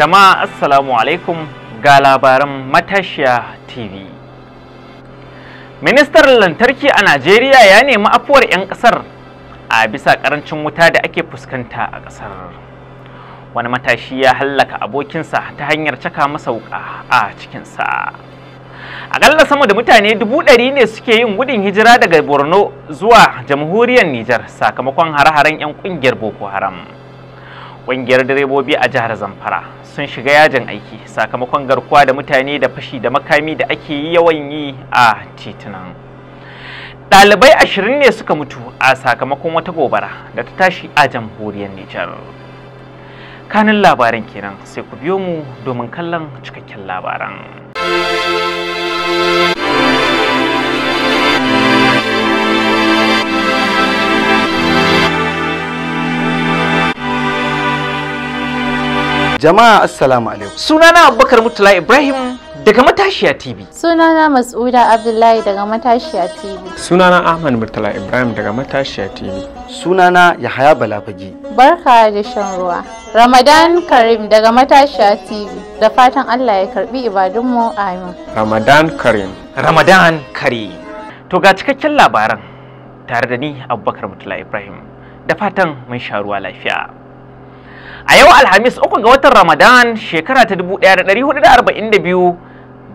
Jama'a Assalamu alaikum ga labaran matashiya TV. Ministan lantarki a Najeriya ya nemi afuwar 'yan kasar a bisa ƙarancin wuta da ake fuskanta a ƙasar. Wani matashi ya hallaka abokinsa ta hanyar caka masa wuƙa a cikinsa. akalla sama da mutane dubu ɗari ne suke yin gudun hijira daga Borno zuwa jamhuriyar Nijar sakamakon hare-haren 'yan ƙungiyar Boko Haram. Ƙungiyar direbobi a jihar Zamfara sun shiga yajin aiki sakamakon garkuwa da mutane da fashi da makami da ake yawan yi a titunan. Ɗalibai ashirin ne suka mutu a sakamakon wata gobara da ta tashi a jamhuriyar Nijar. Kanin labaran kenan sai ku biyo mu domin kallon cikakken labaran. Jama'a assalamu alaikum. Sunana Abubakar Mutula Ibrahim daga Matashiya TV. Sunana Mas'uda Abdullahi daga Matashiya TV. Sunana Ahmad Murtala Ibrahim daga Matashiya TV. Sunana Yahaya Balafagi. Barka da shan ruwa. Ramadan Karim daga Matashiya TV. Da fatan Allah ya karbi ibadunmu amin. Ramadan Karim. Ramadan Karim. To ga cikakken labaran tare da ni Abubakar Mutula Ibrahim. Da fatan mun sha ruwa lafiya. a yau alhamis uku ga watan ramadan shekara ta 1442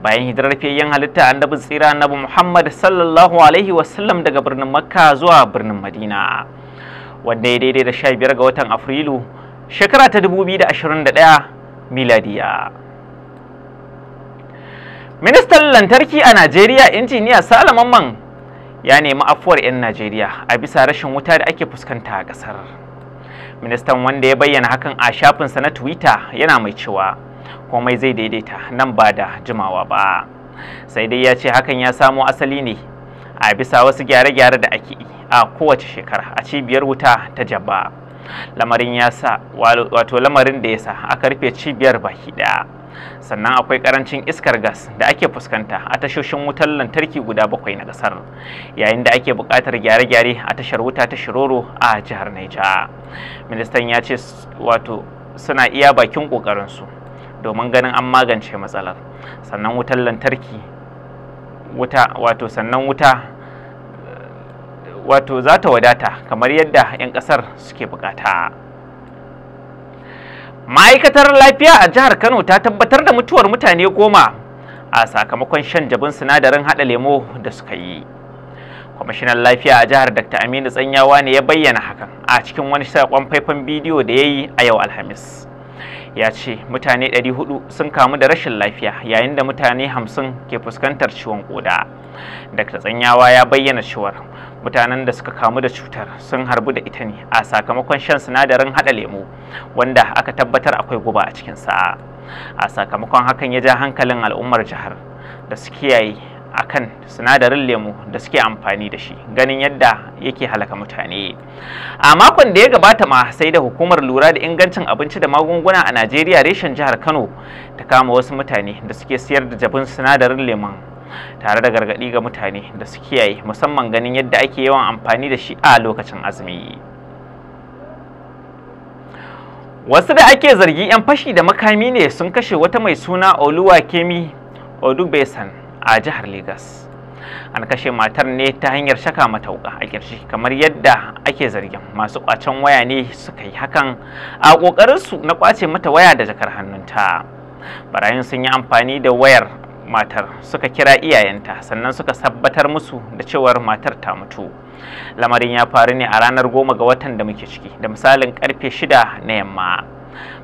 bayan hidirar fiyayyen halitta annabi tsira annabi muhammad sallallahu alaihi wasallam daga birnin makka zuwa birnin madina wanda ya daidai da sha biyar ga watan afrilu shekara ta 2021 miladiya ministan lantarki a najeriya injiniya salaman ya nemi afuwar 'yan najeriya a bisa rashin wuta da ake fuskanta a ƙasar. ministan wanda ya bayyana hakan a shafinsa na twitter yana mai cewa komai zai daidaita nan ba da jimawa ba sai dai ya ce hakan ya samo asali ne a bisa wasu gyare-gyare da ake yi a kowace shekara a cibiyar wuta ta jaba lamarin ya wato lamarin da ya sa aka rufe cibiyar baki daya sannan akwai karancin iskar gas da ake fuskanta a tashoshin wutar lantarki guda bakwai na kasar yayin da ake bukatar gyare-gyare a tashar wuta ta shiroro a jihar Naija. Ministan ya ce wato suna iya bakin ƙoƙarinsu domin ganin an magance matsalar sannan wutar lantarki wuta wato sannan wuta wato za ta wadata kamar yadda 'yan kasar suke bukata. ma'aikatar lafiya a jihar kano ta tabbatar da mutuwar mutane goma a sakamakon shan jabin sinadarin hada lemo da suka yi kwamishinan lafiya a jihar dr aminu tsanyawa ne ya bayyana hakan a cikin wani saƙon faifan bidiyo da ya yi a yau alhamis ya ce mutane 400 sun kamu da rashin lafiya yayin da mutane 50 ke fuskantar ciwon koda dr tsanyawa ya bayyana cewar mutanen da suka kamu da cutar sun harbu da ita ne a sakamakon shan sinadarin hada lemu wanda aka tabbatar akwai guba a cikin sa'a a sakamakon hakan ya ja hankalin al'ummar jihar da su kiyaye akan sinadarin lemu da suke amfani da shi ganin yadda yake halaka mutane a makon da ya gabata ma sai da hukumar lura da ingancin abinci da magunguna a najeriya reshen jihar kano ta kama wasu mutane da suke siyar da jabin sinadarin lemon tare da gargaɗi ga mutane da su kiyaye musamman ganin yadda ake yawan amfani da shi a lokacin azumi wasu da ake zargi 'yan fashi da makami ne sun kashe wata mai suna kemi odubesan a jihar Legas. an kashe matar ne ta hanyar shaka mata wuka a kirshi kamar yadda ake zargin masu kwacen waya ne suka yi hakan a kokarin na kwace mata waya da jakar hannunta barayin sun yi amfani da wayar matar suka kira iyayenta sannan suka sabbatar musu da cewar matar ta mutu lamarin ya faru ne a ranar goma ga watan da muke ciki da misalin karfe shida na yamma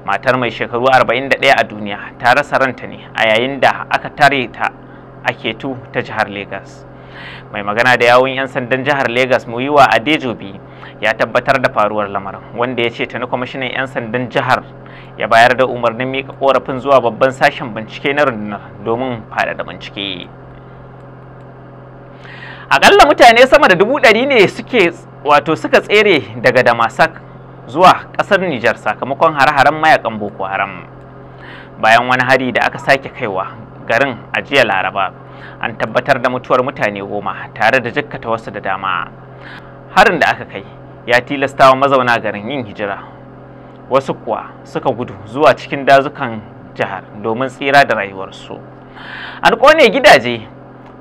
matar mai shekaru 41 a duniya ta rasa ranta ne a yayin da aka tare ta a ketu ta jihar Legas. mai magana da yawun 'yan sandan jihar Legas muyiwa adejobi ya tabbatar da faruwar lamarin wanda ya ce ta na kwamishinan 'yan sandan jihar ya bayar da umarnin mika korafin zuwa babban sashen bincike na rundunar domin da bincike akalla mutane sama da dubu ɗari ne suke wato suka tsere daga damasak zuwa ƙasar nijar sakamakon hare-haren mayakan boko haram bayan wani hari da aka sake kaiwa garin a jiya laraba an tabbatar da mutuwar mutane goma tare da jikkata wasu da dama harin da aka kai ya tilastawa mazauna garin yin hijira wasu kuwa suka gudu zuwa cikin dazukan jihar domin tsira da rayuwarsu an kone gidaje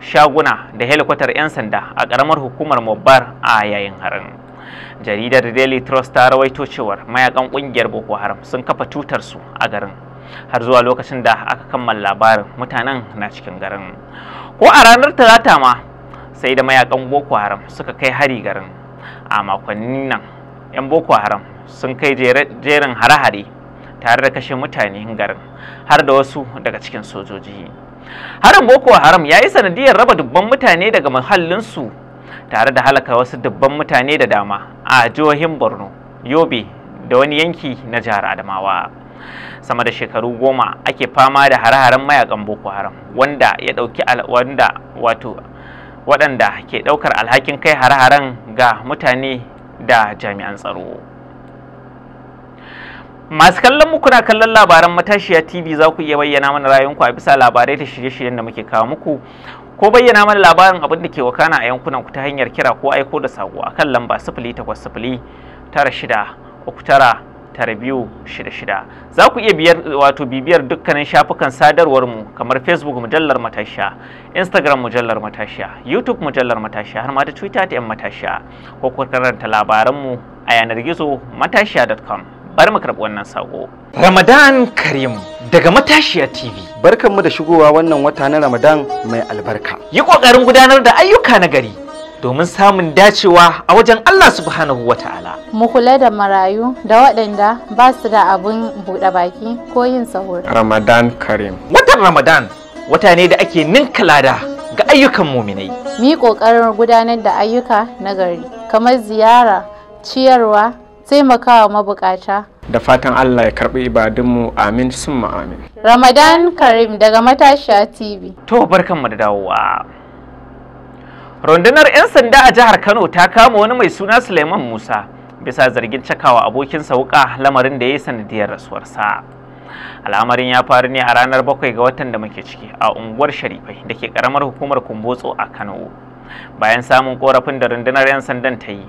shaguna da helikwatar 'yan sanda a ƙaramar hukumar mobar a yayin harin jaridar daily trust ta rawaito cewar mayakan ƙungiyar boko haram sun kafa tutarsu a garin har zuwa lokacin da aka kammala labarin mutanen na cikin garin ko a ranar talata ma sai da mayakan boko haram suka kai hari garin a makonnin nan 'yan boko haram sun kai jerin hare-hare tare da kashe mutane garin har da wasu daga cikin sojoji harin boko haram ya yi sanadiyar raba dubban mutane daga mahallinsu tare da halaka wasu dubban mutane da dama a jihohin borno yobe da wani yanki na jihar adamawa sama da shekaru goma ake fama da hare-haren mayakan boko haram wanda ya dauki wanda wato waɗanda ke ɗaukar alhakin kai hare-haren ga mutane da jami'an tsaro masu kallon mu kuna kallon labaran matashiya tv za ku iya bayyana mana rayunku a bisa labarai da shirye-shiryen da muke kawo muku ko bayyana mana labarin abin da ke wakana a yankunan ku ta hanyar kira ko aiko da sako kan lamba 0809 tara shida uku tara tarbiyu shida shida za ku iya biyar wato bibiyar dukkanin shafukan sadarwar mu kamar facebook mujallar matashiya instagram mujallar matashiya youtube mujallar matashiya har ma da twitter ta yan matashiya ko ku karanta labaran mu a yanar gizo matashiya.com bari mu karɓi wannan sako ramadan karim daga matashiya tv barkanmu da shigowa wannan wata na ramadan mai albarka yi ƙoƙarin gudanar da ayyuka na gari domin samun dacewa a wajen Allah subhanahu wa ta'ala. Mu kula da marayu da waɗanda ba su da abun buɗe baki ko yin sahur. Ramadan Karim. Watan Ramadan wata ne da ake ninka lada ga ayyukan muminai. Mi ƙoƙarin gudanar da ayyuka na gari kamar ziyara, ciyarwa, taimakawa mabukata. Da fatan Allah ya karɓi ibadunmu amin summa amin. Ramadan Karim daga Matashiya TV. To barkanmu da dawowa. rundunar 'yan sanda a jihar kano ta kama wani mai suna suleiman musa bisa zargin cakawa abokinsa wuka lamarin da ya yi sanadiyar rasuwarsa al'amarin ya faru ne a ranar bakwai ga watan da muke ciki a unguwar sharifai da ke karamar hukumar kumbotso a kano bayan samun korafin da rundunar 'yan sandan ta yi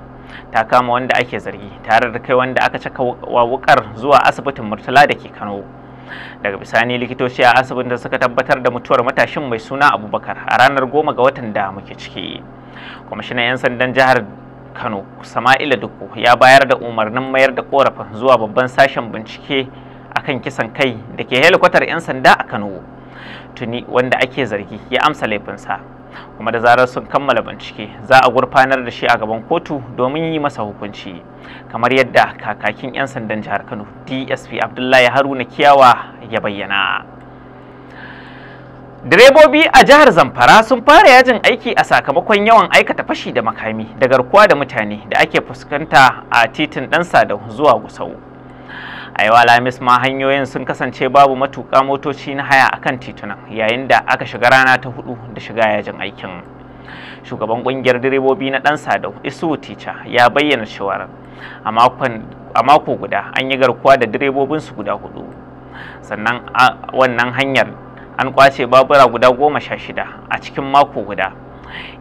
ta kama wanda ake zargi tare da kai wanda aka caka wa wukar zuwa asibitin murtala da ke kano daga bisani likitoci a asibitin suka tabbatar da mutuwar matashin mai suna abubakar a ranar goma ga watan da muke ciki kwamishinan 'yan sandan jihar kano sama'ila duku ya bayar da umarnin mayar da korafin zuwa babban sashen bincike akan kisan kai da ke helikwatar 'yan sanda a kano tuni wanda ake zargi ya amsa laifinsa kuma da zarar sun kammala bincike za a gurfanar da shi a gaban kotu domin yi masa hukunci kamar yadda kakakin 'yan sandan jihar kano dsp abdullahi haruna kiyawa ya bayyana direbobi a jihar zamfara sun fara yajin aiki a sakamakon yawan aikata fashi da makami da garkuwa da mutane da ake fuskanta a titin ɗan sadau zuwa gusau a yawa lamis ma hanyoyin sun kasance babu matuka motoci na haya akan tituna yayin da aka shiga rana ta hudu da shiga yajin aikin shugaban kungiyar direbobi na dan sadau isu tica ya bayyana cewa a mako guda an yi garkuwa da direbobinsu guda hudu sannan wannan hanyar an kwace babura guda goma sha shida a cikin mako guda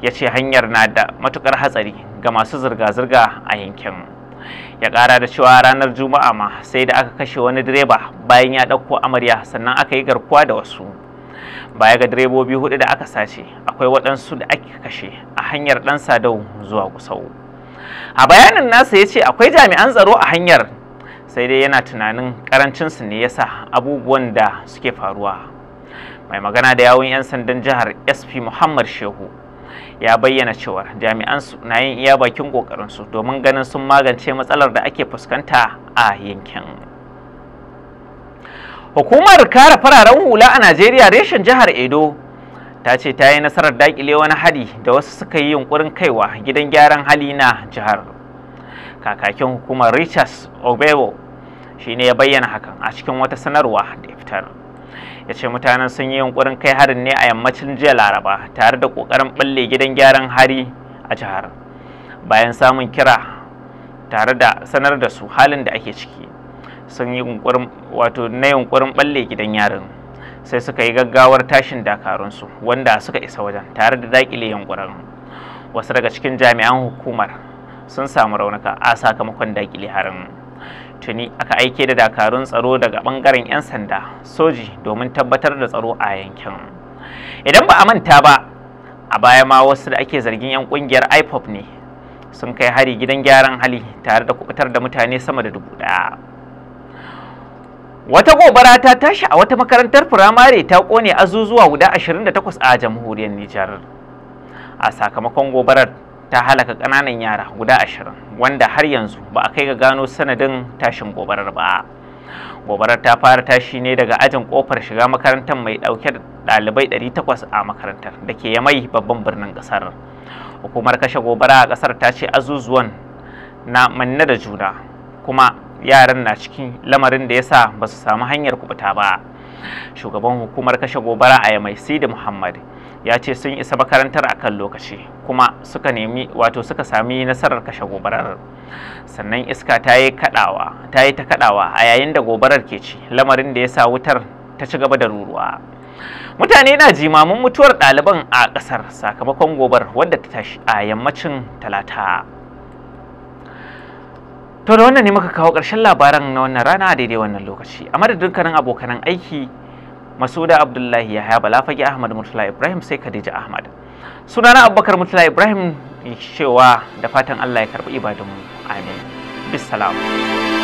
ya ce hanyar na da matukar hatsari ga masu zirga-zirga a yankin ya kara da cewa ranar juma'a ma sai da aka kashe wani direba bayan ya ɗauko amarya sannan aka yi garkuwa da wasu baya ga direbobi hudu da aka sace akwai waɗansu da aka kashe a hanyar ɗan sadau zuwa gusau a bayanin nasa ya ce akwai jami'an tsaro a hanyar sai dai yana tunanin karancinsu ne yasa abubuwan da suke faruwa mai magana da yawun 'yan sandan jihar sp muhammad shehu ya bayyana cewa jami'an su na yin iya bakin su domin ganin sun magance matsalar da ake fuskanta a yankin hukumar kare fararen hula a najeriya reshen jihar edo ta ce ta yi nasarar dakile wani hari da wasu suka yi yunkurin kaiwa gidan gyaran hali na jihar kakakin hukumar richards obebo shine ya bayyana hakan a cikin wata sanarwa da ya fitar ya ce mutanen sun yi yunkurin kai harin ne a yammacin jiya laraba tare da kokarin balle gidan gyaran hari a jihar bayan samun kira tare da sanar da su halin da ake ciki sun yi yunkurin wato na yunkurin balle gidan yarin sai suka yi gaggawar tashin dakarunsu wanda suka isa wajen tare da dakile yunkurin wasu daga cikin jami'an hukumar sun samu raunuka a sakamakon dakile harin tuni aka aike da dakarun tsaro daga bangaren 'yan sanda soji domin tabbatar da tsaro a yankin idan ba a manta ba a baya ma wasu da ake zargin 'yan kungiyar ipop ne sun kai hari gidan gyaran hali tare da kubutar da mutane sama da dubu daya wata gobara ta tashi a wata makarantar firamare ta kone azuzuwa guda 28 a jamhuriyar nijar a sakamakon gobarar ta halaka ƙananan yara guda ashirin wanda har yanzu ba a kai ga gano sanadin tashin gobarar ba gobarar ta fara tashi ne daga ajin kofar shiga makarantar mai ɗauke da ɗalibai 800 a makarantar da ke yamai babban birnin ƙasar hukumar kashe gobara a ƙasar ta ce azuzuwan na manne da juna kuma yaran na cikin lamarin da ya sa ba su samu hanyar kubuta ba shugaban hukumar kashe gobara a yamai sidi muhammad ya ce sun isa makarantar a kan lokaci kuma suka nemi wato suka sami nasarar kashe gobarar sannan iska ta yi ta yi kadawa a yayin da gobarar ke ci lamarin da ya sa wutar ta ci gaba da ruruwa mutane na jimamin mutuwar ɗaliban a ƙasar sakamakon gobar wadda ta tashi a yammacin talata to da wannan ne muka kawo ƙarshen labaran na wannan rana daidai wannan lokaci a madadin abokanan aiki masuda abdullahi yahaya balafage ahmad murtala ibrahim sai khadija ahmad sunana abubakar murtala ibrahim cewa da fatan allah ya karbi ibadunmu amin bisalamu